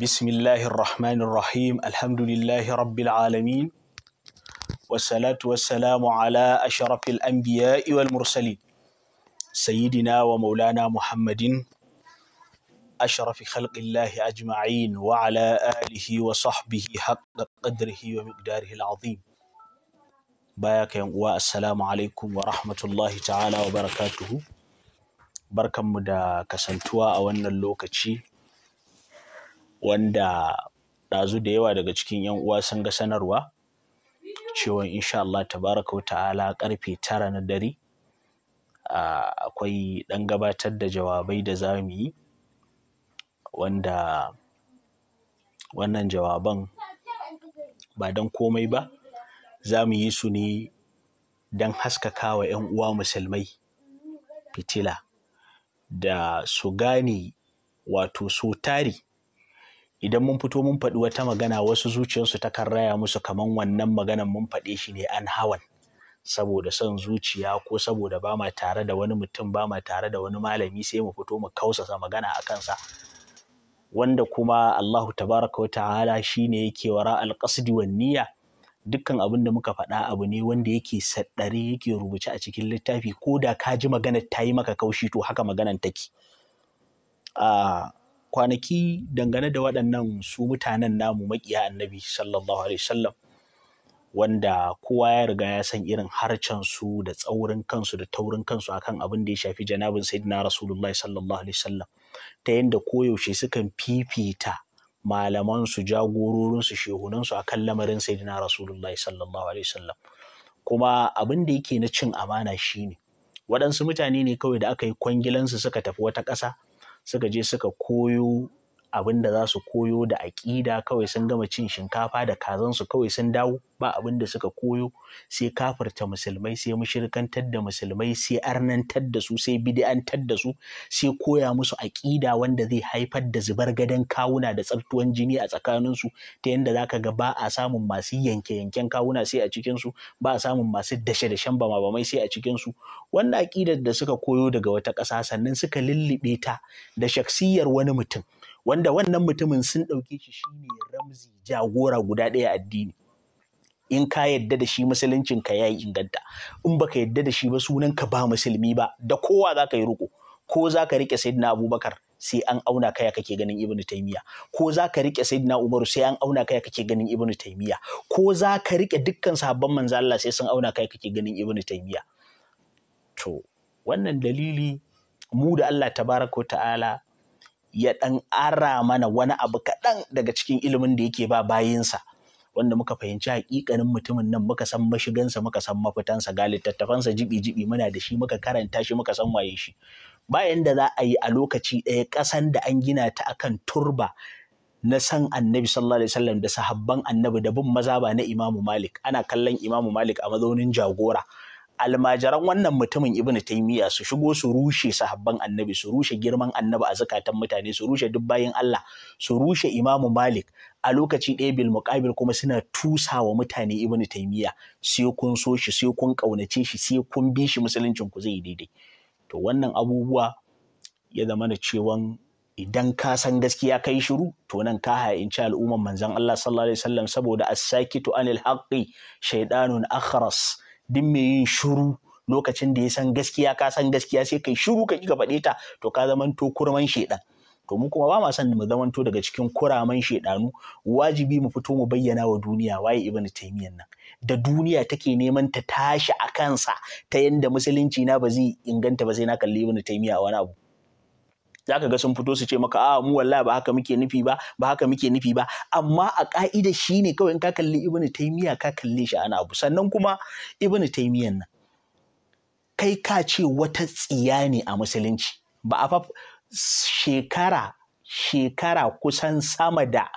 بسم الله الرحمن الرحيم الحمد لله رب العالمين والصلاة والسلام على أشرف الأنبياء والمرسلين سيدنا ومولانا محمد أشرف خلق الله أجمعين وعلى آله وصحبه حق قدره ومقداره العظيم باياك يا السلام عليكم ورحمة الله تعالى وبركاته بركم da كسنتوا أو أن اللوكتشي wanda ɗazu da yawa daga cikin 'yan uwa sun ga sanarwa cewa insha Allah tabaraka wa ta'ala karfe tara na dare akwai ɗan gabatar da jawabai da za mu yi wanda wannan jawaban ba don komai ba za mu yi su ne don haskaka wa 'yan uwa musulmai fitila da su gane wato su tari idan mun fito mun faɗi wata magana wasu zuciyarsu takan raya musu kaman wannan maganan mun faɗe shi ne an hawan saboda son zuciya ko saboda ba ma tare da wani mutum ba ma tare da wani malami sai mu fito mu kausasa magana a kansa wanda kuma Allahu tabaraka wa ta'ala shine yake wara alƙasdi wa niyya dukkan abin da muka faɗa abu ne wanda yake saddare yake rubuce a cikin littafi ko da ka ji maganar ta yi maka kaushi to haka maganan take ah, kwanaki dangane da waɗannan su mutanen namu maƙiya annabi sallallahu alaihi wasallam wanda kowa ya riga ya san irin harcen su da tsaurin kansu da taurin kansu akan abin da ya shafi janabin sayyidina rasulullahi sallallahu alaihi wasallam ta yadda koyaushe sukan fifita malaman su jagororin su shehunan su akan lamarin sayyidina rasulullahi sallallahu alaihi wasallam kuma abin da yake na cin amana shine waɗansu mutane ne kawai da aka yi kwangilansu suka tafi wata ƙasa suka je suka koyo abin da za su koyo da aƙida kawai sun gama cin shinkafa da kazansu kawai sun dawo ba abin da suka koyo sai kafirta musulmai sai mushirkantar da musulmai sai arnantar da su sai bid'antar da su sai koya musu aƙida wanda zai haifar da zubar gadon kawuna da tsaftuwan jini a tsakaninsu ta yadda zaka ga ba a samun masu yanke-yanken kawuna sai a cikinsu ba a samun masu dashe-dashen bama-bamai sai a cikinsu wannan aƙidar da suka koyo daga wata ƙasa sannan suka lullube ta da shaksiyar wani mutum wanda wannan mutumin sun ɗauke shi shi ne ramzi jagora guda ɗaya addini in ka yadda da shi musuluncin ka yayi inganta in baka yadda da shi ba sunan ka ba musulmi ba da kowa za ka yi riko ko za ka rike sayyidina abubakar sai an auna kaya kake ganin ibnu taymiya ko za ka riƙe sayyidina umaru sai an auna kaya kake ganin ibnu taymiya ko za ka riƙe dukkan sahabban manzo Allah sai sun auna kaya kake ganin ibnu taymiya to wannan dalili mu da Allah tabaraka ta'ala ya ɗan ara mana wani abu kaɗan daga cikin ilimin da yake ba bayinsa wanda muka fahimci hakikanin mutumin nan muka san mashigansa muka san mafitansa ga littattafansa jibi-jibi muna da shi muka karanta shi muka san waye shi bayan da za a yi a lokaci ɗaya ƙasan da an gina ta akan turba na san annabi sallallahu alaihi wasallam da sahabban annabi da bin mazaba na imamu malik ana kallon imamu malik a mazaunin jagora almajiran wannan mutumin ibn taymiya su shigo su rushe sahabban annabi su rushe girman annabi a zakatan mutane su rushe duk bayin Allah su rushe imamu malik a lokaci ɗaya bil muqabil kuma suna tusa wa mutane ibn taymiya sai kun so shi sai kun kaunace shi sai kun bi shi musuluncin ku zai daidai to wannan abubuwa ya zama da cewan idan ka san gaskiya kai shiru to nan ka haya in ha'inci al'umman manzon Allah sallallahu alaihi wasallam saboda as-sakitu anil haqqi shaydanun akhras din mai yin shiru lokacin da ya san gaskiya ka san gaskiya sai kai shiru ka kika faɗe ta to ka zamanto kurman shedan to mu kuma ba ma son mu zamanto daga cikin kuraman shedanu wajibi mu fito mu bayyana wa duniya waye ibn taymiyyah nan da duniya take neman ta tashi a kansa ta yanda musulunci na ba zai inganta ba sai na kalli ibn taymiyyah wani abu za ka ga sun fito su ce maka a ah, mu wallahi ba haka muke nufi ba ba haka muke nufi ba amma a ka'ida ne kawai in ka kalli ibnu taymiya ka kalle shi ana abu sannan kuma ibnu taymiyan nan kai ka ce wata tsiya ne a musulunci ba a shekara shekara kusan sama da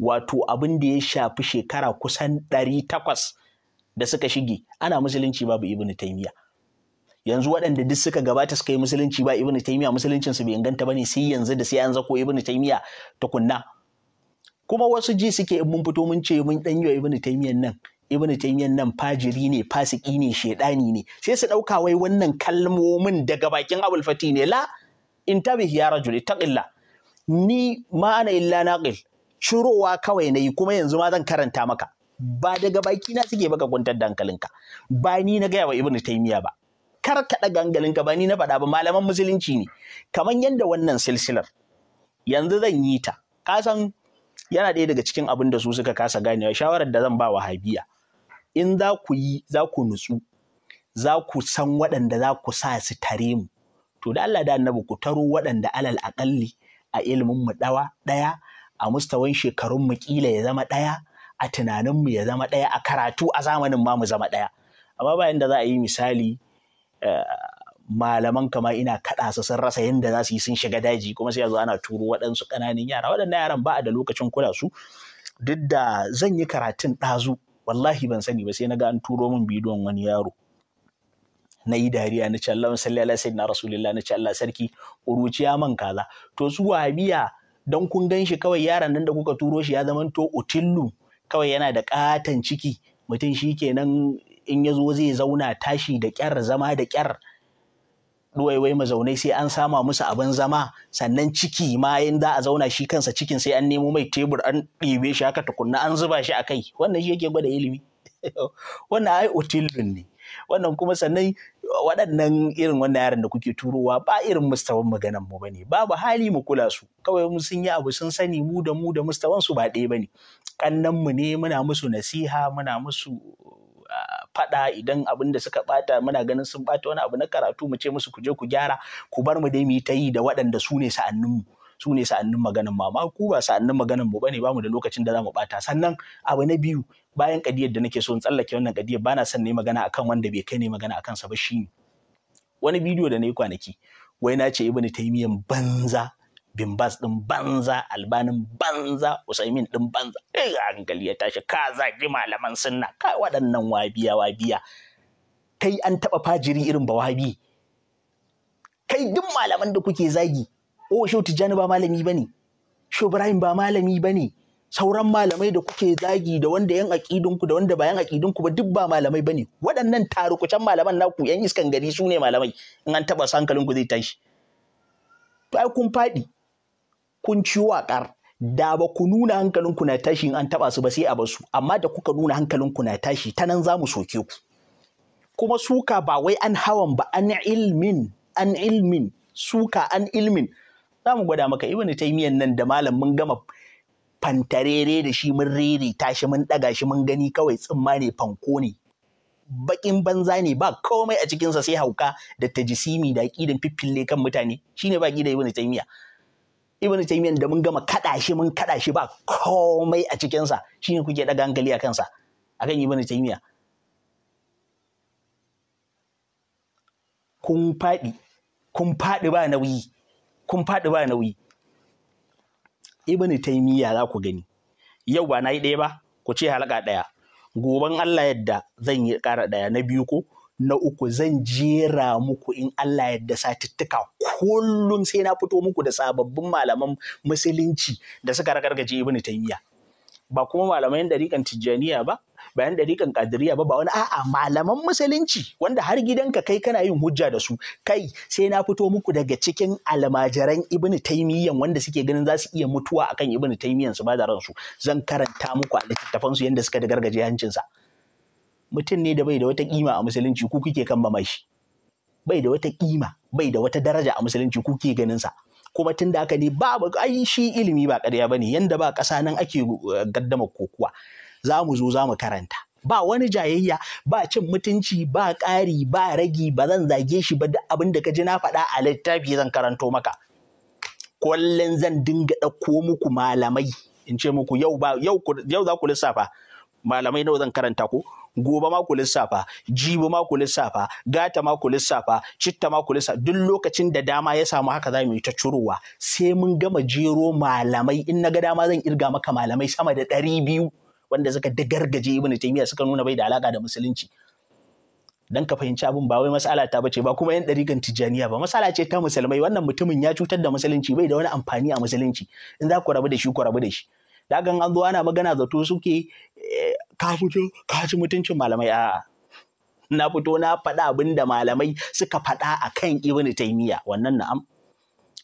wato abin da ya shafi shekara kusan ɗari takwas da suka shige ana musulunci babu ibnu taymiya yanzu waɗanda duk suka gabata suka yi musulunci ba ibnu taymiya musuluncin su bai inganta bane sai yanzu da sai an zako ibnu taymiya tukunna kuma wasu ji suke mun fito mun ce mun dan yi ibnu taymiyan nan ibnu taymiyan nan fajiri ne fasiki ne shedani ne sai su dauka wai wannan kalmomin daga bakin abul fati ne la intabih ya rajuli taqilla ni ma ana illa naqil Cirowa kawai nayi kuma yanzu ma zan karanta maka ba daga baki na suke baka kwantar da hankalinka ba ni na gaya wa ibnu taymiya ba karkaɗa gangalin ka ba ni na faɗa ba malaman musulunci ne kamar yadda wannan silsilar yanzu zan yi ta kasan yana ɗaya daga cikin abin da su suka kasa ganewa shawarar da zan ba wa habiya in za ku yi za ku nutsu za ku san waɗanda za ku sa su tare mu to da Allah da annabi ku taro waɗanda alal aƙalli a ilimin mu dawa ɗaya a mustawan shekarun mu ƙila ya zama ɗaya a tunanin mu ya zama ɗaya a karatu a zamanin ma mu zama ɗaya amma bayan da za a yi misali malaman kama ina kaɗa su sun rasa yadda za su yi sun shiga daji kuma sai yanzu ana turo waɗansu ƙananan yara waɗannan yaran ba a da lokacin kula su duk da zan yi karatun ɗazu wallahi ban sani ba sai na ga an turo min bidiyon wani yaro na yi dariya na ce Allah salli ala sayyidina rasulillah na ce Allah sarki uruciya man kaza to su wahabiya dan kun gan shi kawai yaran nan da kuka turo shi ya zama to utillu kawai yana da ƙaton ciki mutum shi kenan in ya zo zai zauna tashi da kyar zama da kyar ɗuwaiwai mazaunai sai an sama musu abin zama sannan ciki ma in za a zauna shi kansa cikin sai an nemo mai tebur an ɗebe shi haka tukunna an zuba shi a kai wannan shi yake gwada ilimi wannan ai otilin ne wannan kuma sannan waɗannan irin wannan yaran da kuke turowa ba irin mustawan maganan mu bane babu hali mu kula su kawai mu sun yi abu sun sani mu da mu da mustawan su ba ɗaya bane kannan mu ne muna musu nasiha muna musu ah, faɗa idan abin da suka ɓata muna ganin sun ɓata wani abu na karatu mu ce musu ku je ku gyara ku bar mu dai mu yi ta yi da waɗanda su ne sa'anninmu su ne sa'annin maganan mama ku ba sa'annin maganin mu bane bamu da lokacin da za mu ɓata sannan abu na biyu bayan ƙadiyar da nake so in tsallake wannan kadiyar bana son ne magana akan wanda bai kai ne magana akan sa ba shi wani bidiyo da na yi kwanaki wai na ce ibnu taymiyan banza bimbas ɗin banza albanin banza usaimin ɗin banza ɗin eh, hankali ya tashi ka zagi malaman sunna ka waɗannan wabiya wabiya kai an taɓa fajiri irin ba wabi kai duk malaman da kuke zagi o oh, shau tijjani ba malami bane shau ibrahim ba malami bane sauran malamai da kuke zagi da wanda yan aƙidinku da wanda yan aƙidinku ba duk ba malamai bane waɗannan tarukucan malaman naku yan iskan gari su ne malamai in an taɓa su ku zai tashi ai kun faɗi kun ci waƙar da ba ku nuna hankalinku na tashi an taɓa su ba sai a basu amma da kuka nuna hankalinku na tashi ta nan za mu soke ku kuma suka ba wai an hawan ba an ilmin an ilmin suka an ilmin za mu gwada maka ibn taymiyan nan da malam mun gama fantarere da shi mun rere tashi mun ɗaga shi mun gani kawai tsimma ne fanko ne bakin banza ne ba komai a cikinsa sai hauka da tajisimi da aƙidan fiffille kan mutane shine ba da ibn taymiya ibn taymiyyah da mun gama kada shi mun kada shi ba komai a cikin sa shine kuke daga hankali a kansa akan ibn taymiyyah kun faɗi kun faɗi ba nauyi kun faɗi ba nauyi ibn taymiyyah za ku gani yau ba nayi yi ɗaya ba ku ce halaka ɗaya goban Allah yadda zan yi ƙara ɗaya na biyu ko na uku zan jera muku in Allah yadda satittuka kullum sai na fito muku da sababbin malaman musulunci da suka ragargaje Ibn Taymiyyah ba kuma malaman dariƙan Tijjaniya ba bayan dariƙan kadiriya ba ba wani a'a malaman musulunci wanda har gidanka kai kana yin hujja da su kai sai na fito muku daga cikin almajiran Ibn wanda suke ganin za su iya mutuwa akan Ibn Taymiyyah su ba da ransu zan karanta muku a su yadda suka da gargaje hancinsa. mutum ne da bai da wata kima a musulunci ku kuke kan mamashi? shi bai da wata kima bai da wata daraja a musulunci ku kuke ganin sa kuma tun da aka ne babu ai shi ilimi ba ƙarya bane yanda ba ƙasa nan ake eh, gaddama kokuwa za mu zo za mu karanta ba wani jayayya ba cin mutunci ba ƙari ba ragi ba zan zage shi ba duk abin da ka ji na faɗa a littafi zan karanto maka kullum zan dinga ɗauko muku malamai in ce muku yau ba yau yau za ku lissafa malamai nawa zan karanta ku gobe ma ku lissafa jibi ma ku lissafa gata ma ku lissafa citta ma ku lissafa duk lokacin da dama ya samu haka za mu yi ta curowa sai mun gama jero malamai in na ga dama zan irga maka malamai sama da ɗari biyu wanda suka dagargaje ibn taymiya suka nuna bai da alaka da musulunci dan ka fahimci abin ba wai masala ta bace ba kuma yan ɗarigan Tijjaniya ba masala ce ta musulmai wannan mutumin ya cutar da musulunci bai da wani amfani a musulunci in za ku rabu da shi ku rabu da shi dagan an zo ana magana zato suke eh, ka fito ka ci mutuncin malamai a'a na fito na faɗa abin da malamai suka faɗa a kan ibn taimiya wannan na'am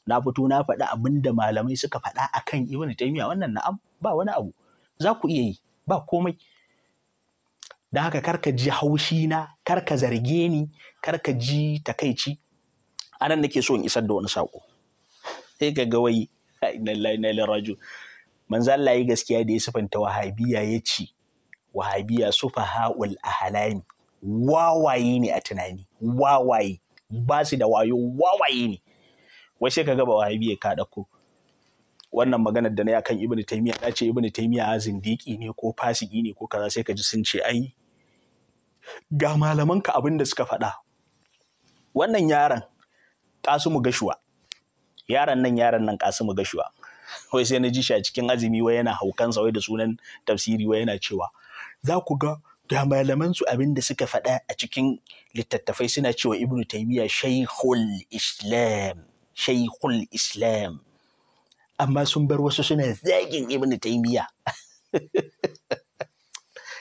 na fito na faɗa abin da malamai suka faɗa a kan ibn taimiya wannan na'am ba wani abu za ku iya yi ba komai don haka karka ji haushi na karka zarge ni karka ji takaici anan nake so in isar da wani sako sai ka ga wai inna lillahi inna ilaihi manzo Allah ya gaskiya da ya sifanta wahabiya ya ce wahabiya sufaha'ul Halami. wawaye ne a tunani wawaye ba su da wayo wawaye ne wai sai ka gaba wahabiya ka dako wannan maganar da na kan ibn taymiya na ce ibn taymiya zindiki ne ko fasiki ne ko kaza sai ka ji sun ce ai ga malamanka abin da suka faɗa wannan yaron kasumu gashuwa yaron nan yaron nan kasumu gashuwa wai sai na ji shi a cikin azumi wai yana haukan sa wai da sunan tafsiri wai yana cewa za ku ga da malaman su abin da suka faɗa a cikin littattafai suna cewa ibnu taymiya shaykhul islam shaykhul islam amma sun bar wasu suna zagin Ibn taymiya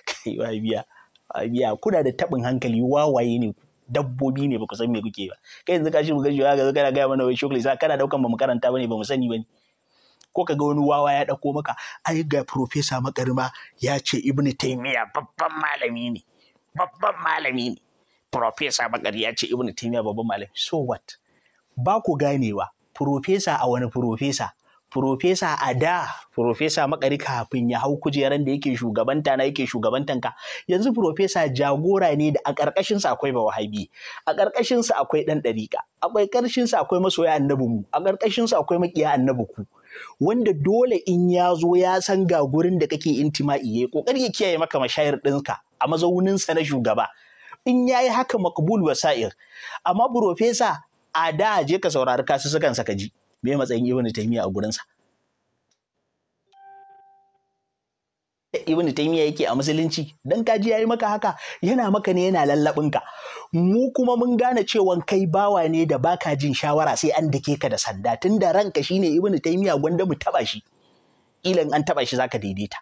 kai biya biya kuna da tabin hankali wawaye ne dabbobi ne ba ku san me kuke ba kai yanzu ka shi mu gaji ga kana ga mana wai shukli sai kana daukan ba mu karanta bane ba mu sani bane ko ka ga wani wawa ya ɗauko maka ai ga profesa makarima ya ce ibn taimiya babban malami ne babban malami ne profesa makari ya ce ibn taimiya babban malami so what ba ku ganewa profesa a wani profesa Furofesa a da furofesa makari kafin ya hau kujeran da yake shugabanta na yake shugabantan ka yanzu furofesa jagora ne da a ƙarƙashinsa akwai akwai wahabi, a ƙarƙashinsa akwai ɗan ɗariƙa a ƙarƙashinsa akwai masoya annabi mu a ƙarƙashinsa akwai makiya annabi ku wanda dole in ya zo ya san ga gurin da kake intima'i yi ƙoƙari ya kiyaye maka mashayar ɗinka a mazauninsa na shugaba in ya yi haka wa wasa'ir amma furofesa a da je ka saurari kasu sukan saka ji me matsayin ibn taymiya a gurinsa ibn taymiya yake a musulunci dan kaji yayi maka haka yana maka ne yana lallabin ka mu kuma mun gane cewa kai bawa ne da baka jin shawara sai an dake ka da sanda tunda ranka shine ibn taymiya gwanda mu taba shi ilan an taba shi zaka daidaita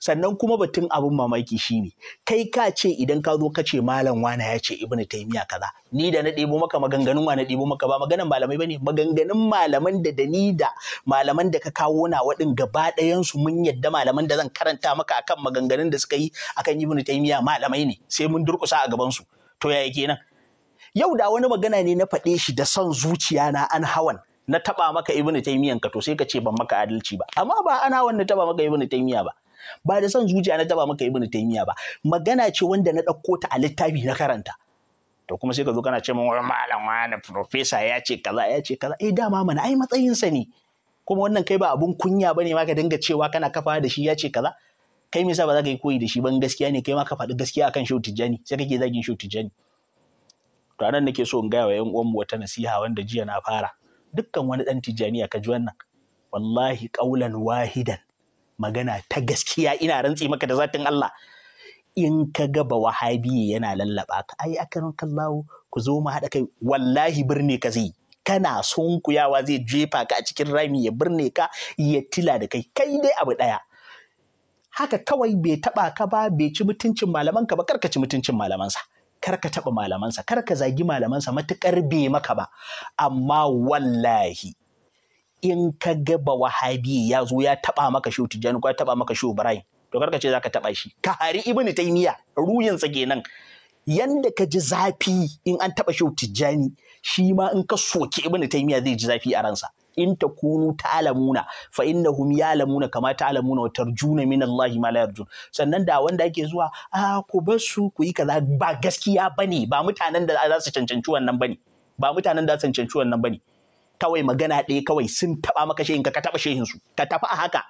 sannan kuma batun abin mamaki shi ne kai ka ce idan ka zo ka ce malam wana ya ce ibnu taymiya kaza ni da na ɗebo maka maganganun wa na ɗebo maka ba maganan malamai bane maganganun malaman da da ni da malaman da ka kawo na waɗin gaba ɗayansu mun yadda malaman da zan karanta maka akan maganganun da suka yi akan ibnu taymiya malamai ne sai mun durƙusa a gaban su to yaya kenan yau da wani magana ne na faɗe shi da son zuciya na an hawan na taba maka ibnu taymiyan ka to sai ka ce ban maka adalci ba amma ba ana wannan taba maka ibnu taymiya ba ba da son zuciya na taba maka ibn taymiya ba magana ce wanda na ɗauko ta a littafi na karanta to kuma sai ka zo kana ce min malam wani professor ya ce kaza ya ce kaza eh dama mana ai matsayinsa ne kuma wannan kai ba abun kunya bane ma ka dinga cewa kana kafa da shi ya ce kaza kai me yasa ba za ka yi koyi da shi ban gaskiya ne kai ma ka faɗi gaskiya akan shehu tijjani sai kake zagin shehu tijjani to anan nake so in gaya wa ƴan uwanmu wata nasiha wanda jiya na fara dukkan wani dan tijjaniya ka ji wannan wallahi ƙaulan wahidan magana ta gaskiya ina rantse maka da zatin Allah in ka ga ba wahabi yana lallaba ka ai akarin kallawo ku zo mu haɗa kai wallahi birne ka zai kana son sunkuyawa zai jefa ka a cikin rami ya birne ka ya tila da kai kai dai abu ɗaya haka kawai bai taɓa ka ba bai ci mutuncin malamanka ba kar ka ci mutuncin malamansa kar ka taɓa malamansa kar ka zagi malamansa matukar bai maka ba amma wallahi in ka ga ba wahabi ya zo ya taba maka shehu tijjani ko ya taba maka shehu ibrahim to karka ce zaka taba shi ka hari ibnu taymiya ruyin sa kenan yanda ka ji zafi in an taba shehu tijjani shi ma in ka soki ibnu taymiya zai ji zafi a ransa in ta takunu ta'lamuna fa innahum ya'lamuna kama ta'lamuna wa tarjuna min Allah ma la yarjun sannan da wanda ake zuwa a ku bar su ku yi kaza ba gaskiya bane ba mutanen da za su cancanci wannan bane ba mutanen da za su cancanci wannan bane kawai magana ɗaya kawai sun taɓa maka shehin ka taɓa shehin su ka tafi a haka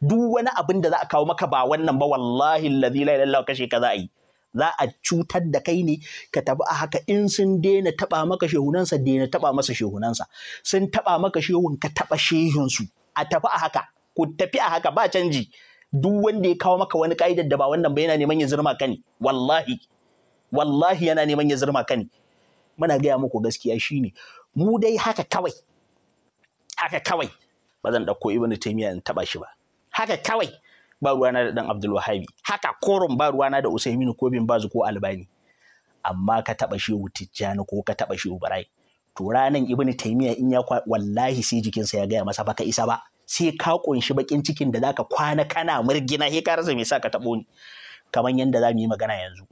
duk wani abin da za a kawo maka ba wannan ba wallahi allazi la ilaha kashe ka za a yi za a cutar da kai ne ka tafi a haka in sun daina taɓa maka shehunansa daina taɓa masa shehunansa sun taɓa maka shehun ka taɓa shehunsu a tafi a haka ku tafi a haka ba canji duk wanda ya kawo maka wani ka'idar da ba wannan ba yana neman ya zirma ka ne wallahi wallahi yana neman ya zirma ka ne muna gaya muku gaskiya shine mu dai haka kawai haka kawai ba zan ɗauko ibn taymiya in taɓa shi ba haka kawai ba ruwana da ɗan abdul wahabi haka koron ba ruwana da usaimin ko bin bazu ko albani amma ka taɓa shi tijjani ko ka taɓa shi barai to ranan ibn taimiya in ya kwa wallahi sai jikinsa ya gaya masa baka isa ba sai ka ƙunshi bakin cikin da zaka kwana kana murgina sai ka rasa me sa ka taɓo ni kamar yadda za mu yi magana yanzu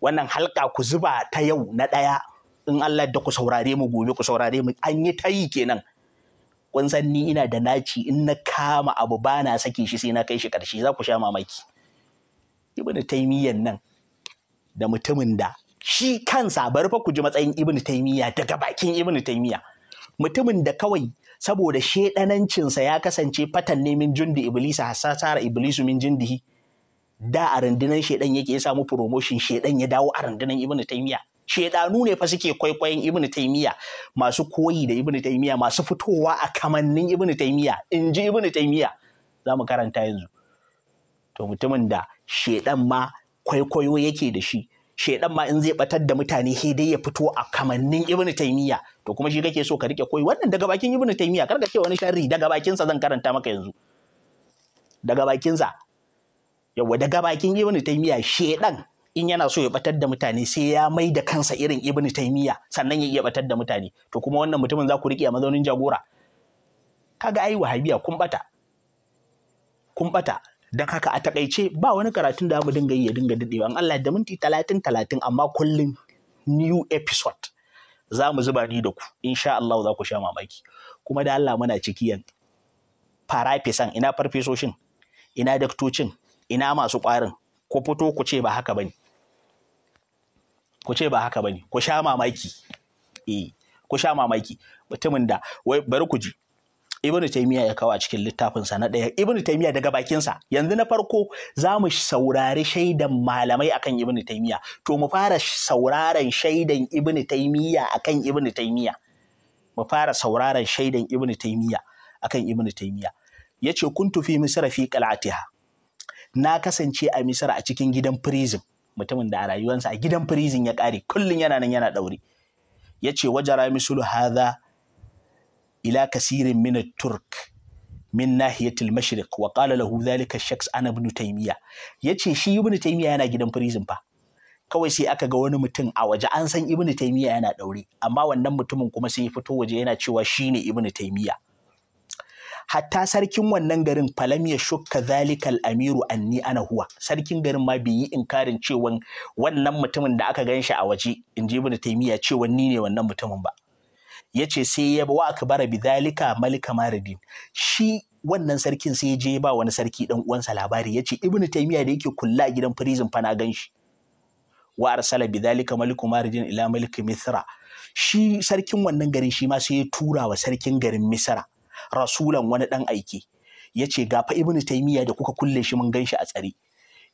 wannan halka ku zuba ta yau na ɗaya in Allah da ku saurare mu gobe ku saurare mu an yi tayi kenan kun san ni ina da naci in na kama abu ba na sake shi sai na kai shi karshe za ku sha mamaki ibnu taimiyyan nan da mutumin da shi kansa bari fa ku ji matsayin ibnu taimiyya daga bakin ibnu taimiyya mutumin da kawai saboda sa ya kasance fatan ne min jundi iblisa hasasara iblisu min jundihi da a rundunar shedan yake ya samu promotion shedan ya dawo a rundunar ibnu taimiyya shedanu ne fa suke kwaikwayon ibn masu koyi da ibn masu fitowa a kamannin ibn taymiya in ji ibn za mu karanta yanzu to mutumin da shedan ma kwaikwayo yake da shi shedan ma in zai batar da mutane sai dai ya fito a kamannin ibn taymiya to kuma shi kake so ka rike koyi wannan daga bakin ibn taymiya karka ce wani sharri daga bakin sa zan karanta maka yanzu daga bakin sa yawa daga bakin ibn shedan in yana so ya batar da mutane sai ya mai da kansa irin ibn taimiyya sannan ya iya batar da mutane to kuma wannan mutumin za ku riƙe a mazaunin jagora kaga ai wahabiya kun bata kun bata Dan haka a takaice ba wani karatun da mu dinga yi ya dinga dadewa an Allah da minti talatin talatin amma kullum new episode za mu zuba ni da ku insha Allah za ku sha mamaki kuma da Allah muna ciki yan farafisan ina farfesoshin ina daktocin ina masu ƙwarin ku fito ku ce ba haka bane ku ce ba haka bane ku sha mamaki eh ku sha mamaki mutumin da wai bari ku ji Ibn Taymiyyah ya kawo a cikin littafinsa na ɗaya Ibn Taymiyyah daga bakinsa yanzu na farko za mu saurari shaidan malamai akan Ibn Taymiyyah to mu fara sauraron shaidan Ibn Taymiyyah akan Ibn Taymiyyah mu fara sauraron shaidan Ibn Taymiyyah akan Ibn Taymiyyah yace kuntu fi misra fi qal'atiha na kasance a misira a cikin gidan firizin, mutumin da a rayuwansa a gidan firizin ya kare kullum yana nan yana ɗauri. ya ce wajara misulu haza ila kasirin min turk min nahiyatil mashriq wa qala lahu dhalika shakhs ana ibn taymiya yace shi ibn taymiya yana gidan firizin fa kawai sai aka ga wani mutum a waje an san ibn taymiya yana ɗauri, amma wannan mutumin kuma sai ya fito waje yana cewa shine ibn taymiya hatta sarkin wannan garin falam ya shukka zalikal amiru anni ana huwa sarkin garin ma bai yi inkarin cewa wannan mutumin da aka ganshi a waje in ji ibn taymiya cewa ni ne wannan mutumin ba yace sai ya wa bara bi zalika malika maridin shi wannan sarkin sai ya je ba wani sarki dan uwansa labari yace ibnu taymiya da yake kulla gidan prison fa na ganshi wa arsala bi zalika maliku maridin ila malik misra shi sarkin wannan garin shi ma sai ya tura wa sarkin garin misra rasulan wani dan aiki yace ga fa ibnu taimiyya da kuka kulle shi mun ganshi a tsare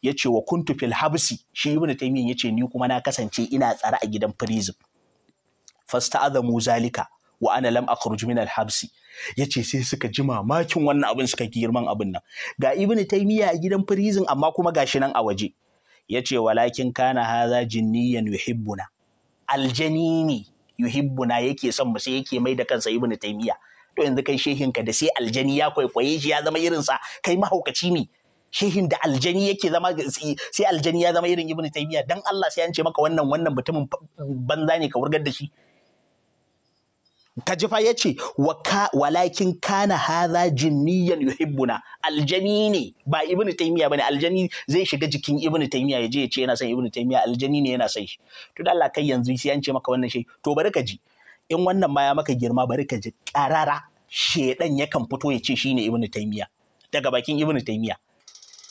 Ya ce, wa kuntu fil habsi shi ibnu ya ce ni kuma na kasance ina tsare a gidan prison fasta'adhamu zalika wa ana lam akhruj min al habsi yace sai suka ji mamakin wannan abin suka girman abin nan ga ibnu taimiyya a gidan prison amma kuma ga shi nan a waje Ya ce, walakin kana haza jinniyan yuhibbuna aljanini yuhibbuna yake son mu sai yake mai da kansa ibnu taimiyya to yanzu kai shehin ka da sai aljani ya kwaikwaye shi ya zama irinsa kai mahaukaci ne shehin da aljani yake zama sai aljani ya zama irin ibnu taymiya dan Allah sai an ce maka wannan wannan mutumin banza ne ka wurgar da shi kajifa ya ce walakin kana haza jinniyan yuhibbuna aljani ne ba ibnu taymiya bane aljani zai shiga jikin ibnu taymiya ya je ya ce yana son ibnu taymiya aljani ne yana son shi to da Allah kai yanzu sai an ce maka wannan shi to bari ka ji in wannan ma ya maka girma bari ka ji karara shedan yakan fito ya ce shine ibnu taymiya daga bakin ibnu taymiya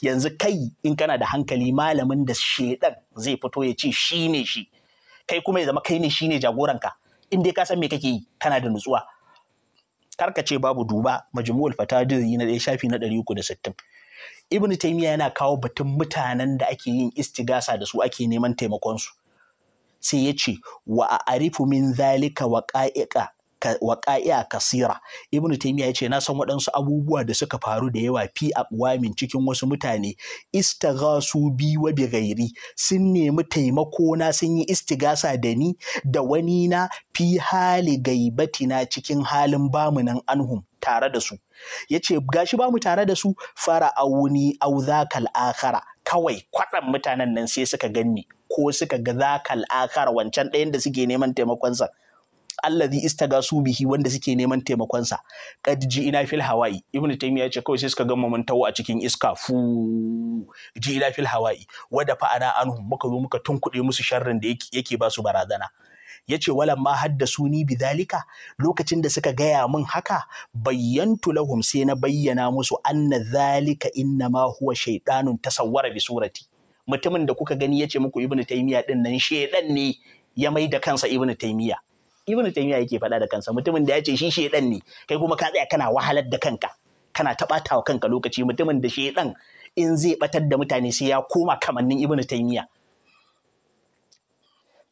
yanzu kai in kana da hankali malamin da shedan zai fito ya ce shine shi kai kuma ya zama kai ne shine jagoranka in dai ka san me kake yi kana da nutsuwa karka ce babu duba majmu'ul fatadiri na ɗaya shafi na 360 ibnu taymiya yana kawo batun mutanen da ake yin istigasa da su ake neman taimakonsu. sai ya ce wa a arifu min zalika wa ƙa'iƙa waƙa'iya kasira ibnu taymiya yace na san waɗansu abubuwa da suka faru da yawa fi aqwamin cikin wasu mutane istighasu bi wa bi ghairi sun nemi taimako na sun yi istigasa da ni da wani na fi hali gaibatina cikin halin bamu nan anhum tare da su yace gashi bamu tare da su fara auni au zakal akhara kawai kwaɗan mutanen nan sai suka ganni ko suka ga zakal akhara wancan ɗayan da suke neman taimakonsa allazi istagasu bihi wanda suke neman taimakon sa qad ina fil hawa'i ibnu taymiya ce kawai sai suka ga mun tawo a cikin iska fu ina fil hawa'i wada fa ana anhu muka zo muka tunkuɗe musu sharrin da yake ba su barazana yace ce walan ma hadda suni bidhalika lokacin da suka gaya mun haka bayyantu lahum sai na bayyana musu anna zalika inna ma huwa shaytanun tasawwara bi surati mutumin da kuka gani yace muku ibnu taymiya din nan shedan ne ya mai da kansa ibnu taymiya ibnu taymiya yake faɗa da kansa mutumin da ya ce shi shedan ne kai kuma ka tsaya kana wahalar da kanka kana taɓata wa kanka lokaci mutumin da shedan in zai batar da mutane sai ya koma kamannin ibnu taymiya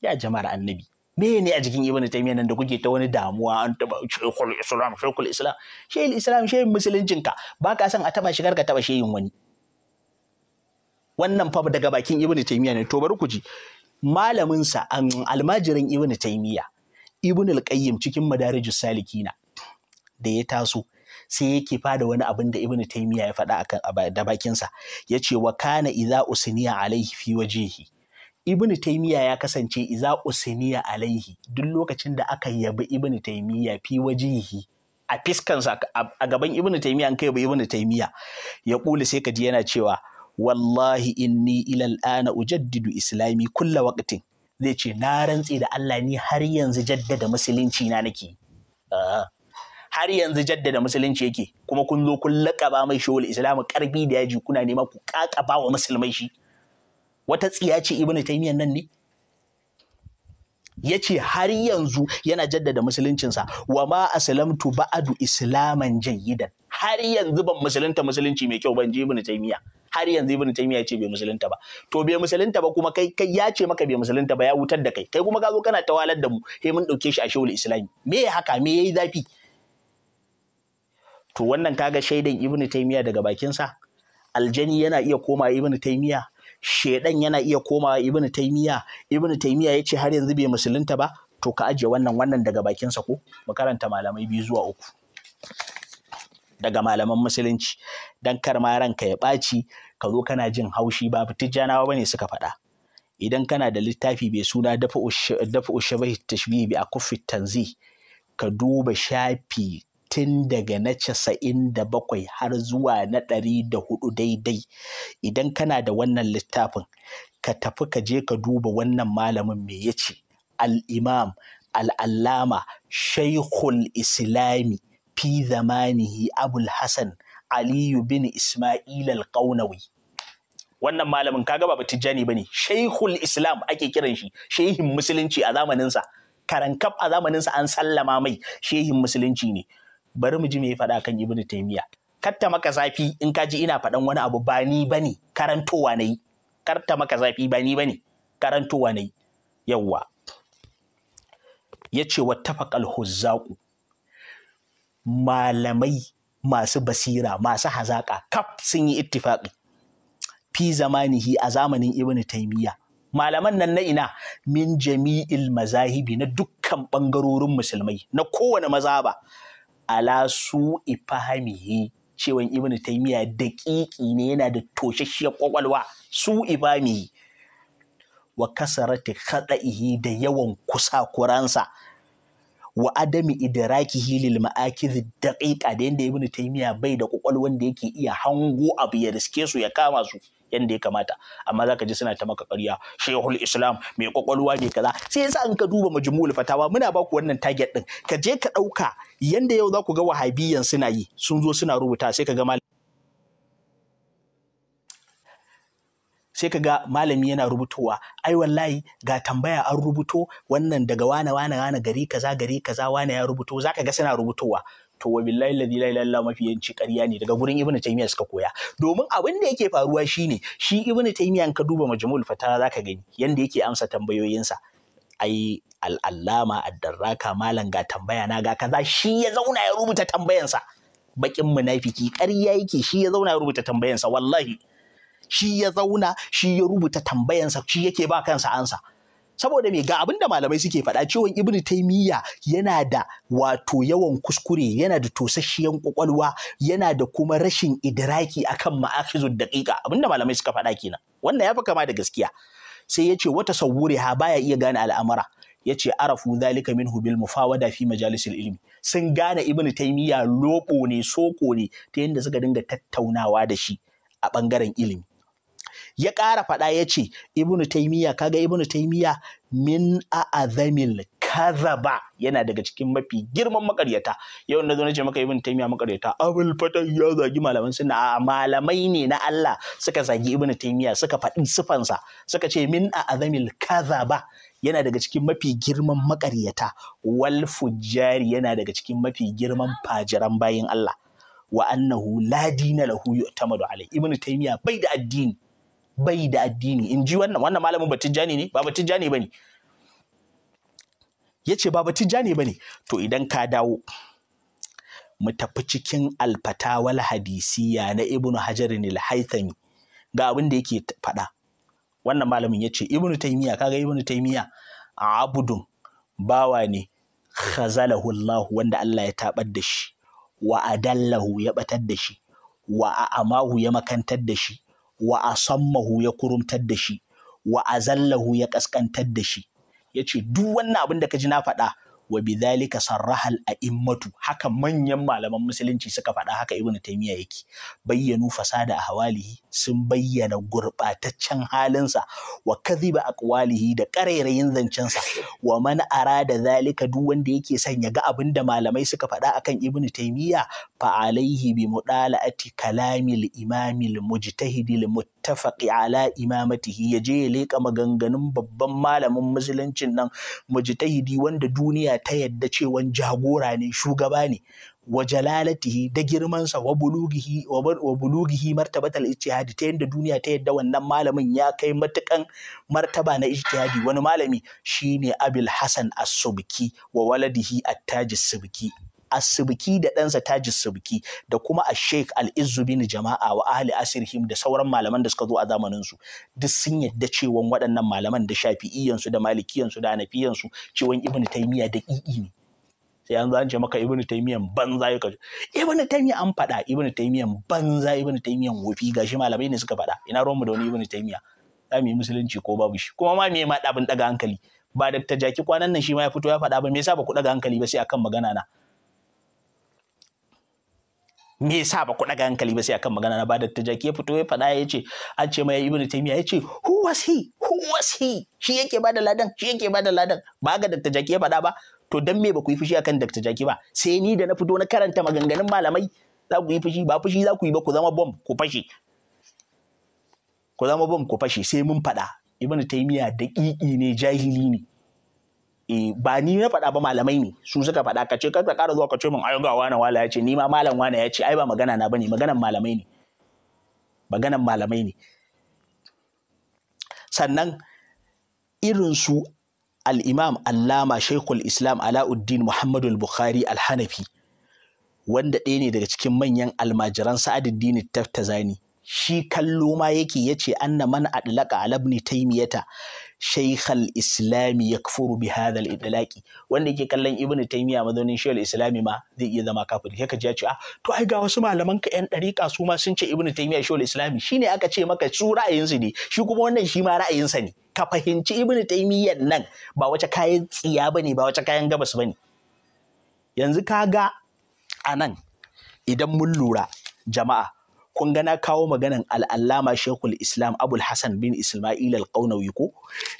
ya jama'ar annabi me ne a jikin ibnu taymiya nan da kuke ta wani damuwa an taba shekul islam shekul islam shekul islam shekul musuluncin ka ba ka san a taba shigar ka taba shehin wani wannan fa daga bakin ibnu taymiya ne to bari ku ji malamin sa almajirin ibnu taymiya ibn al-qayyim cikin madarijus salikina da ya taso sai yake fada wani abin da ibn taymiya ya faɗa akan da bakinsa yace wa kana idza usniya alaihi fi wajhihi ibn taymiya ya kasance idza usniya alaihi duk lokacin da aka yabi ibn taymiya fi wajhihi a fiskansa a gaban ibn taymiya an kai ibn taymiya ya kula sai ka ji yana cewa wallahi inni ila al-ana ujaddidu islami kulla waqtin zai ce na rantse da Allah ni har yanzu jaddada musulunci na nake har yanzu jaddada musulunci yake kuma kun zo kun laƙaba mai shawul islam karbi da yaji kuna nema ku kakaba wa musulmai shi wata tsiya ce ibnu taymiyyah nan ne yace har yanzu yana jaddada musuluncinsa wa ma aslamtu ba'adu islaman jayyidan har yanzu ban musulunta musulunci mai kyau ban ji ibnu taymiyyah har yanzu ibn taymiya ya ce bai musulunta ba to bai musulunta ba kuma kai kai ya ce maka bai musulunta ba ya wutar da kai kai kuma ka zo kana tawalar da mu he mun dauke shi a shehul islami me ya haka me yayi zafi to wannan kaga shaidan ibn taymiya daga bakinsa aljani yana iya koma ibn taymiya shedan yana iya komawa ibn taymiya ibn taymiya ya ce har yanzu bai musulunta ba to ka ajiye wannan wannan daga bakinsa ko mu karanta malamai biyu zuwa uku daga malaman musulunci don kar ma ranka ya ɓaci ka zo kana jin haushi ba tijjanawa ne suka faɗa idan kana da littafi mai suna dafa ushabahi tashbihi bi akuffi tanzi ka duba shafi tun daga na casa'in da bakwai har zuwa na ɗari da hudu daidai idan kana da wannan littafin ka tafi ka je ka duba wannan malamin me ya ce al'imam al'allama shaikhul islami fi zamanihi abul hasan aliyu bin isma'il al-qaunawi wannan malamin kaga ba tijjani bane shaikhul islam ake kiran shi shehin musulunci a zamaninsa karankaf a zamaninsa an sallama mai shehin musulunci ne bari mu ji me ya faɗa kan ibn taymiya karta maka zafi in ka ji ina faɗan wani abu ba ni ba ne karantowa yi karta maka zafi ba ni ba ne karantowa yi yawwa ya ce wata faƙal huzzaqu malamai masu basira masu hazaƙa kaf sun yi ittifaƙi fi zamanihi a zamanin ibn taimiyya malaman nan na ina min jami'il mazahibi na dukkan ɓangarorin musulmai na kowane mazaba ala su ifahamihi cewan ibn taimiyya daƙiƙi ne yana da toshashiyar ƙwaƙwalwa su ifahamihi wa kasarati khada'ihi da yawan kusa kusakuransa wa adami idraki hilil ma'akiz daqiqa da yanda ibnu taymiya bai da kwakwalwan da yake iya hango abu ya riske su ya kama su yanda ya kamata amma zaka ji suna ta maka ƙarya shehul islam mai ƙwaƙwalwa ne kaza sai yasa in ka duba majmu'ul fatawa muna ba ku wannan target din ka je ka dauka yanda yau za ku ga wahabiyan suna yi sun zo suna rubuta sai ka ga sai ka ga malami yana rubutowa ai wallahi ga tambaya an rubuto wannan daga wane wane wane gari kaza gari kaza wane ya rubuto zaka ga suna rubutowa to wa billahi la ilaha illa mafi yanci ƙarya ne daga gurin ibnu taymiya suka koya domin abin da yake faruwa shine shi ibnu taymiya in ka duba majmu'ul fatawa zaka gani yanda yake amsa tambayoyinsa ai al'allama addarraka malam ga tambaya na ga kaza shi ya zauna ya rubuta tambayansa bakin munafiki ƙarya yake shi ya zauna ya rubuta tambayansa wallahi shi ya zauna shi ya rubuta tambayansa shi yake ba kansa ansa saboda me ga abin da malamai suke faɗa cewa Ibn taimiyya yana da wato yawan kuskure yana da tosasshiyan kwakwalwa yana da kuma rashin idiraki akan ma'akhizud daqiqa abin da malamai suka faɗa kenan wannan ya fi kama da gaskiya sai ya ce wata sawure ha baya iya gane al'amara ya ce arafu zalika minhu bil mufawada fi majalisil ilmi sun gane Ibn taimiyya lobo ne soko ne ta yadda suka dinga tattaunawa da shi a bangaren ilimi ya ƙara faɗa ya ce ibnu taimiya kaga ibnu taimiya min kaza kazaba yana daga cikin mafi girman makaryata yau na zo na ce maka ibnu taimiya makaryata abul fatan ya zagi malaman sunna a malamai ne na Allah suka zagi ibnu taimiya suka faɗi sifansa suka ce min kaza kazaba yana daga cikin mafi girman makaryata wal fujjari yana daga cikin mafi girman fajiran bayin Allah wa annahu la dina lahu yu'tamadu alai ibnu taimiya bai da addini bai da addini in ji wannan wannan malamin ba tijjani ne ba ba tijjani bane yace ba ba tijjani bane to idan ka dawo mu tafi cikin alfatawal hadisiya na ibnu Hajari al-haythami ga abin da yake faɗa wannan malamin ya ce, ibnu taymiya kaga ibnu taymiya abudun bawa ne khazalahu Allah wanda Allah ya tabar da shi wa adallahu ya batar da shi wa amahu ya makantar da shi wa sammahu ya kurumtar da shi wa zallahu ya kaskantar da shi yace duk wannan abin da ka ji na faɗa wa bidhalika sarraha al-a'immatu haka manyan malaman musulunci suka faɗa haka ibnu taymiya yake bayyanu fasada ahwalihi sun bayyana gurbataccen halinsa wa kadhiba aqwalihi da ƙarairayin zancensa wa man arada zalika duk wanda yake son ya ga abin da malamai suka faɗa akan ibnu taymiya fa alaihi bi mudala'ati kalamil imamil mujtahidil Ta faɗi ala imamatihi ya je ya leƙa maganganun babban malamin musuluncin nan mujtahidi wanda duniya ta yadda cewan jagora ne shugaba ne wa jalalatihi da girmansa wa bulugihi wa bulugihi ta yadda duniya ta yadda wannan malamin ya kai matukan martaba na ijtihadi wani malami shine Abil Hasan As-Subki wa waladihi Attajis Subki asubki da ɗansa tajis subki da kuma a sheik al'izzu bin jama'a wa ahli asirhim da sauran malaman da suka zo a zamaninsu. duk sun yadda cewan waɗannan malaman da shafi'iyansu da malikiyansu da hanafiyansu cewan ibn taymiya da ƙi'i ne sai an zance maka ibn taymiyan banza ya kaji ibn taymiya an faɗa ibn taymiyan banza ibn taymiyan wofi gashi malamai ne suka faɗa ina ruwanmu da wani ibn taymiya za mu yi musulunci ko babu shi kuma ma me ma ɗabin ɗaga hankali ba da ta jaki kwanan nan shi ma ya fito ya faɗa ba me yasa ba ku ɗaga hankali ba sai akan magana na me yasa ba ku daga hankali ba sai akan magana na bada jaki? ya fito ya faɗa ya ce an ce mai ibnu taymiya ya ce who was he who was he shi yake bada ladan shi yake bada ladan ba ga dr jaki ya faɗa ba to dan me ba ku yi fushi akan dr jaki ba sai ni da na fito na karanta maganganun malamai za ku yi fushi ba fushi za ku yi ba ku zama bom ku fashe ku zama bom ku fashe sai mun faɗa ibnu taymiya daƙiƙi ne jahili ne Eh, ba ni na faɗa ba malamai ne su suka faɗa ka ce kar ka ƙara zuwa ka ce min ayo ga wani wala ya ce ni ma malam wani ya ce ai ba magana na bane maganan malamai ne maganan malamai ne sannan irin su al-imam allama shaikhul islam alauddin muhammadu al-bukhari al-hanafi wanda ɗaya ne daga cikin manyan almajiran ta zani shi kallo ma yake yace anna man adlaqa ala ibn taymiyata shaykhal islami yakfuru bi hadha wanda yake kallon ibnu taymiya mazaunin shaykhal islami ma zai iya zama kafin. sai ka ji ya ce to ai ga wasu malaman ka yan dariƙa su ma sun ce ibnu taymiya shaykhal islami shine aka ce maka su ra'ayinsu ne shi kuma wannan shi ma ra'ayinsa ne ka fahimci Ibn taymiyyar nan ba wace kayan tsiya bane ba wace kayan gabas bane yanzu ka ga a nan idan mun lura jama'a kun ga na kawo maganan al'allama shekul islam abul hassan bin ismail al-qaunawi ko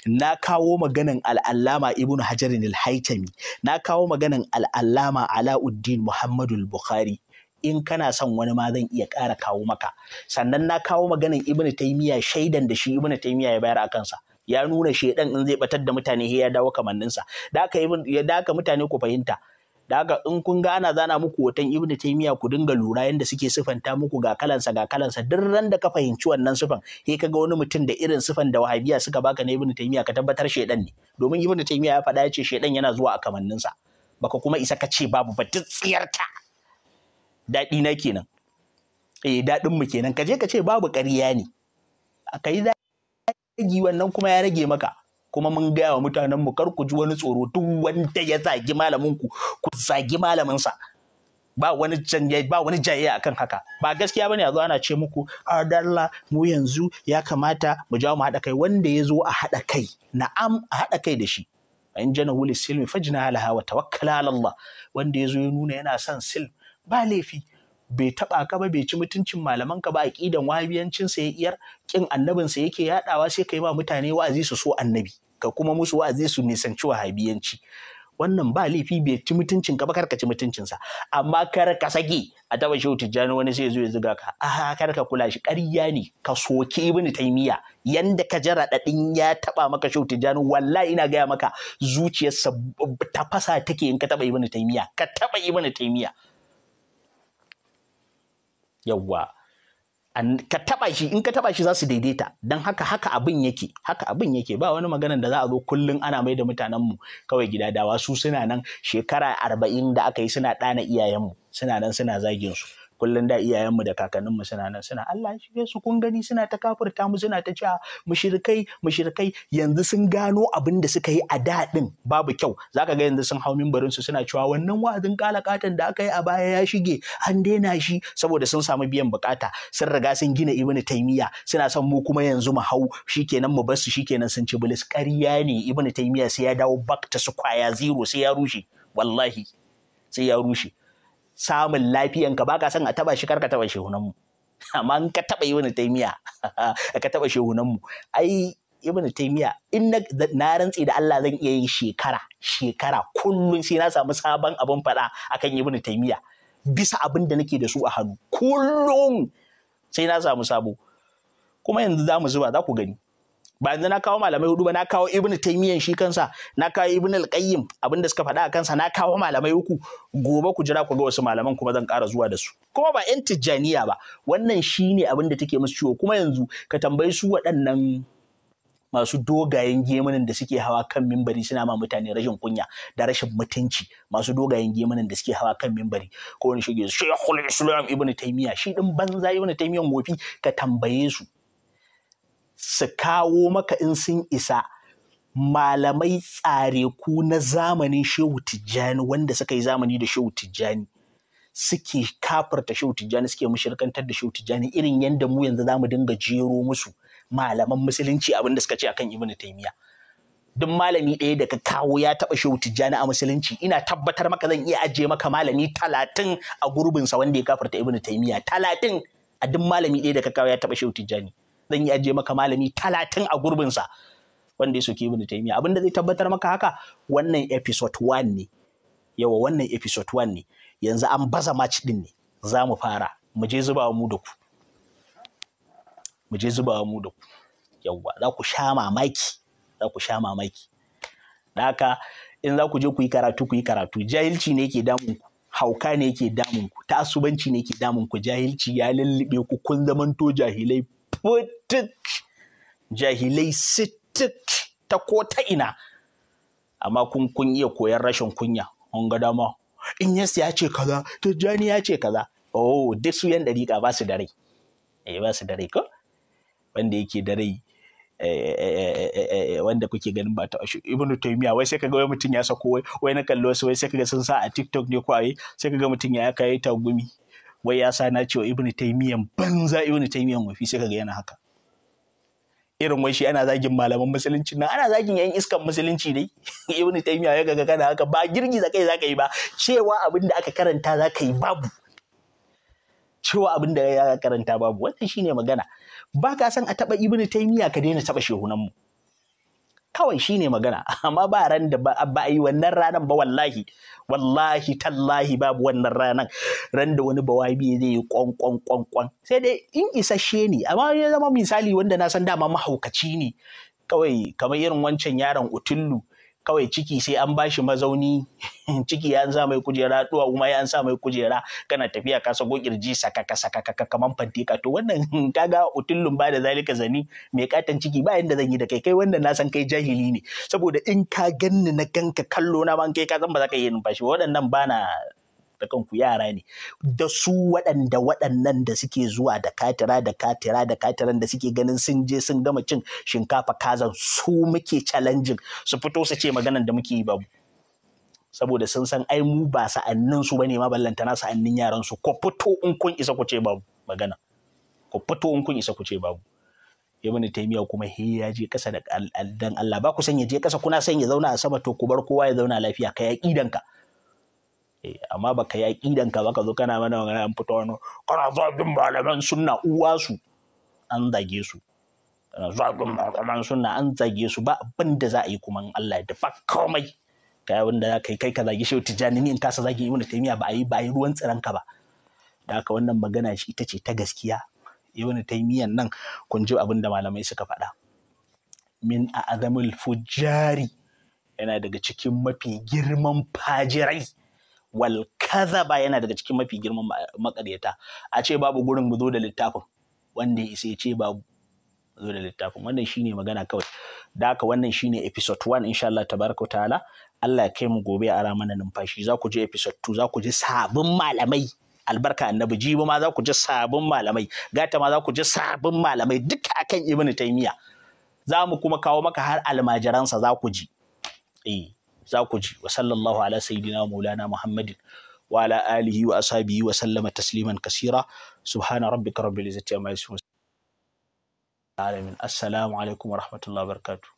na kawo maganan al'allama ibn Hajar al-haitami na kawo maganan al'allama alauddin muhammadu al-bukhari in kana son wani ma zan iya ƙara kawo maka sannan na kawo maganan ibn taymiya shaidan da shi ibn taymiya ya bayar a kansa ya nuna shaidan in zai batar da mutane ya dawo kamanninsa da aka mutane ku fahimta da haka in kun ga ana zana muku hoton ibnu taymiya ku dinga lura yanda suke sifanta muku ga kalansa ga kalansa duk ran da ka fahimci wannan sifan sai kaga wani mutum da irin sifan da wahabiya suka baka na ibnu taymiya ka tabbatar shedan ne domin ibnu taymiya ya faɗa ya ce shedan yana zuwa a kamanninsa baka kuma isa ka ce babu ba duk tsiyarta daɗi na kenan eh daɗin mu kenan ka je ka ce babu ƙarya ne akai zagi wannan kuma ya rage maka kuma mun gaya wa mutanenmu kar ku ji wani tsoro duk wanda ya zagi malamin ku zagi malaminsa ba wani janye ba wani jaye akan haka ba gaskiya bane yanzu ana ce muku adalla mu yanzu ya kamata mu jawo mu haɗa kai wanda ya zo a haɗa kai na'am a haɗa kai da shi in jana wuli silmi fajina alaha wa tawakkala ala Allah wanda ya zo ya nuna yana son silm ba laifi bai taba ka ba bai ci mutuncin malaman ka ba aqidan wahabiyancin sa ya iyar kin annabin sa yake yadawa sai kai ba mutane wa'azi su so annabi ka kuma musu wa'azi su nisanci wahabiyanci wannan ba laifi bai ci mutuncin ka ba kar ka ci mutuncinsa amma kar ka saki a taba shehu tijjani wani sai ya zo ya zuga ka a kar ka kula shi ƙarya ne ka soke ibnu taymiya yanda ka jara dadin ya taba maka shehu tijjani wallahi ina gaya maka zuciyarsa tafasa take in ka taba ta miya. ka taba ta taymiya yawwa ka taba shi in ka taba shi za su daidaita don haka haka abin yake haka abin yake ba wani maganar da za a zo kullum ana mai da mutanen mu kawai gida dawa su suna nan shekara arba'in da aka yi suna ɗana iyayenmu suna nan suna zagin su kullum da iyayenmu da kakanninmu suna nan suna Allah ya su kun gani suna ta kafurta mu suna ta cewa mushirkai mushirkai yanzu sun gano abin da suka yi a daɗin babu kyau zaka ga yanzu sun hau mimbarin su suna cewa wannan wa'azin katan da aka yi a baya ya shige an daina shi saboda sun samu biyan bukata sun riga sun gina ibn taymiya suna son mu kuma yanzu mu hau shikenan mu bar su shikenan sun ci bilis ƙarya ne ibn taymiya sai ya dawo back to square zero sai ya rushe wallahi sai ya rushe samun lafiyanka baka son a taba shi karka taba mu. amma in ka taba ibnu taymiya ka taba mu ai ibnu taimiya in na rantsi da Allah zan iya yin shekara shekara kullun sai na samu sabon abin faɗa akan ibnu taimiya bisa abin da nake da su a hannu kullun sai na samu sabo kuma yanzu zamu zuba za ku gani ba yanzu na kawo malamai hudu ba na kawo ibnu taymiyan shi kansa na kawo ibnu al-qayyim da suka faɗa a kansa na kawo malamai uku gobe ku jira ku ga wasu malaman kuma zan ƙara zuwa da su kuma ba yan tijjaniya ba wannan shine abin da take musu ciwo kuma yanzu ka tambayi su waɗannan masu dogayen gemunan da suke hawa kan mimbari suna ma mutane rashin kunya da rashin mutunci masu dogayen gemunan da suke hawa kan mimbari ko wani shige shekul islam ibnu taymiya shi din banza ibnu taymiyan gofi. ka tambaye su su kawo maka in sun isa malamai tsareku na zamanin shehu tijjani wanda suka yi zamani da shehu tijjani suke kafarta shehu tijjani suke mushirkantar da shehu tijjani irin yadda mu yanzu zamu mu dinga jero musu malaman musulunci abinda suka ce akan ibnu taimiya duk malami ɗaya da kawo ya taɓa shehu tijjani a musulunci ina tabbatar maka zan iya ajiye maka malami talatin a gurbinsa wanda ya kafarta ibnu taimiya talatin a duk malami ɗaya da kawo ya taɓa shehu tijjani zan yi ajiye maka malami talatin a gurbinsa wanda ya soke ibnu taimiyya abinda zai tabbatar maka haka wannan episode one ne yawa wannan episode one ne yanzu an baza match din ne za mu fara mu je zubawa mu da ku mu je zubawa mu da ku yawa za ku sha mamaki za ku sha mamaki da haka in za ku je ku yi karatu ku yi karatu jahilci ne yake damun ku hauka ne yake damun ku asubanci ne yake damun ku jahilci ya lallube ku kun zamanto jahilai duk jahilai sitik ta ko ta ina amma kun kun iya koyar rashin kunya on ga dama in yes ya ce kaza tijjani ya ce kaza oh duk su yan dariƙa ba su da rai eh ba su da rai ko wanda yake da rai eh, eh, eh, wanda kuke ganin ba ta ashe Ibn taymiya wai sai kaga wai mutum ya sako wai wai na kallo wai sai kaga sun sa a tiktok ne ko ayi sai kaga mutum ya kai ta gumi wai ya sa na cewa ibnu taymiyan banza ibn taymiyan wafi sai kaga yana haka irin wai shi ana zagin malaman musulunci na ana zagin yan iskan musulunci ne? ibn taymiya ya kaga kana haka ba girgi za kai za ka yi ba cewa abin da aka karanta za ka yi babu cewa abin da ya karanta babu wannan shine magana ba ka san a taba ibn taymiya ka daina taba shehunan mu kawai shi ne magana amma ba ran da ba a yi wannan ranar ba wallahi wallahi tallahi babu wannan ranan ran da wani bawabi zai yi kwan kwan kwan kwan sai dai in isasshe ne amma ya zama misali wanda na san dama mahaukaci ne kawai kamar irin wancan yaron utullu kawai ciki sai an bashi mazauni ciki ya an sa mai kujera duwa kuma ya an sa mai kujera kana tafiya ka sako kirji sakaka sakaka kaman fantika to wannan kaga utullun ba da zalika zani mai katan ciki ba yanda zan yi da kai kai wannan na san kai jahili ne saboda in ka ganni na ganka kallo na ban kai ka zan ba za ka yi numfashi waɗannan ba na. da kanku yara ne da su waɗanda waɗannan da suke zuwa da katira da katira da katiran da suke ganin sun je sun gama cin shinkafa kazan su muke challenging su fito su ce maganan da muke yi babu saboda sun san ai mu ba sa'annin su bane ma na sa'annin yaran su ku fito in kun isa ku ce babu magana ku fito in kun isa ku ce babu ibn taimiya kuma he ya je kasa da dan Allah ba ku san ya je kasa kuna san ya zauna a sama to ku bar kowa ya zauna lafiya ka aqidanka ka Eh, amma baka yi aƙidan ka ka zo kana mana magana an fito wani kana zagin malaman suna uwa su an zage su kana zagin malaman suna an zage su ba abin da za a yi kuma Allah da dafa komai kai abin da kai kai ka zage shi tijani ni in kasa zagi ibnu taymiya ba a yi ba ruwan tsiran ka ba da haka wannan magana shi ita ce ta gaskiya ibnu taymiyan nan kun ji abin da malamai suka faɗa min a adamul fujari yana daga cikin mafi girman fajirai wal ba yana daga cikin mafi girman makaryata a ce babu gurin mu zo da littafin wanda ya ce babu zo da littafin wannan shine magana kawai da aka wannan shine episode 1 insha Allah tabaraka ta'ala Allah ya kai mu gobe a ramana numfashi za ku je episode 2 za ku ji sabon malamai albarka annabi jibi ma za ku ji sabon malamai gata ma za ku ji sabon malamai duka akan ibnu taymiya za mu kuma kawo maka har almajiransa za ku ji eh za ku ji wa sallallahu ala sayyidina maulana muhammadin wa ala alihi wa ashabihi wa sallama tasliman kasira subhana rabbika rabbil izzati amma yasifun assalamu alaikum wa rahmatullahi wa barakatuh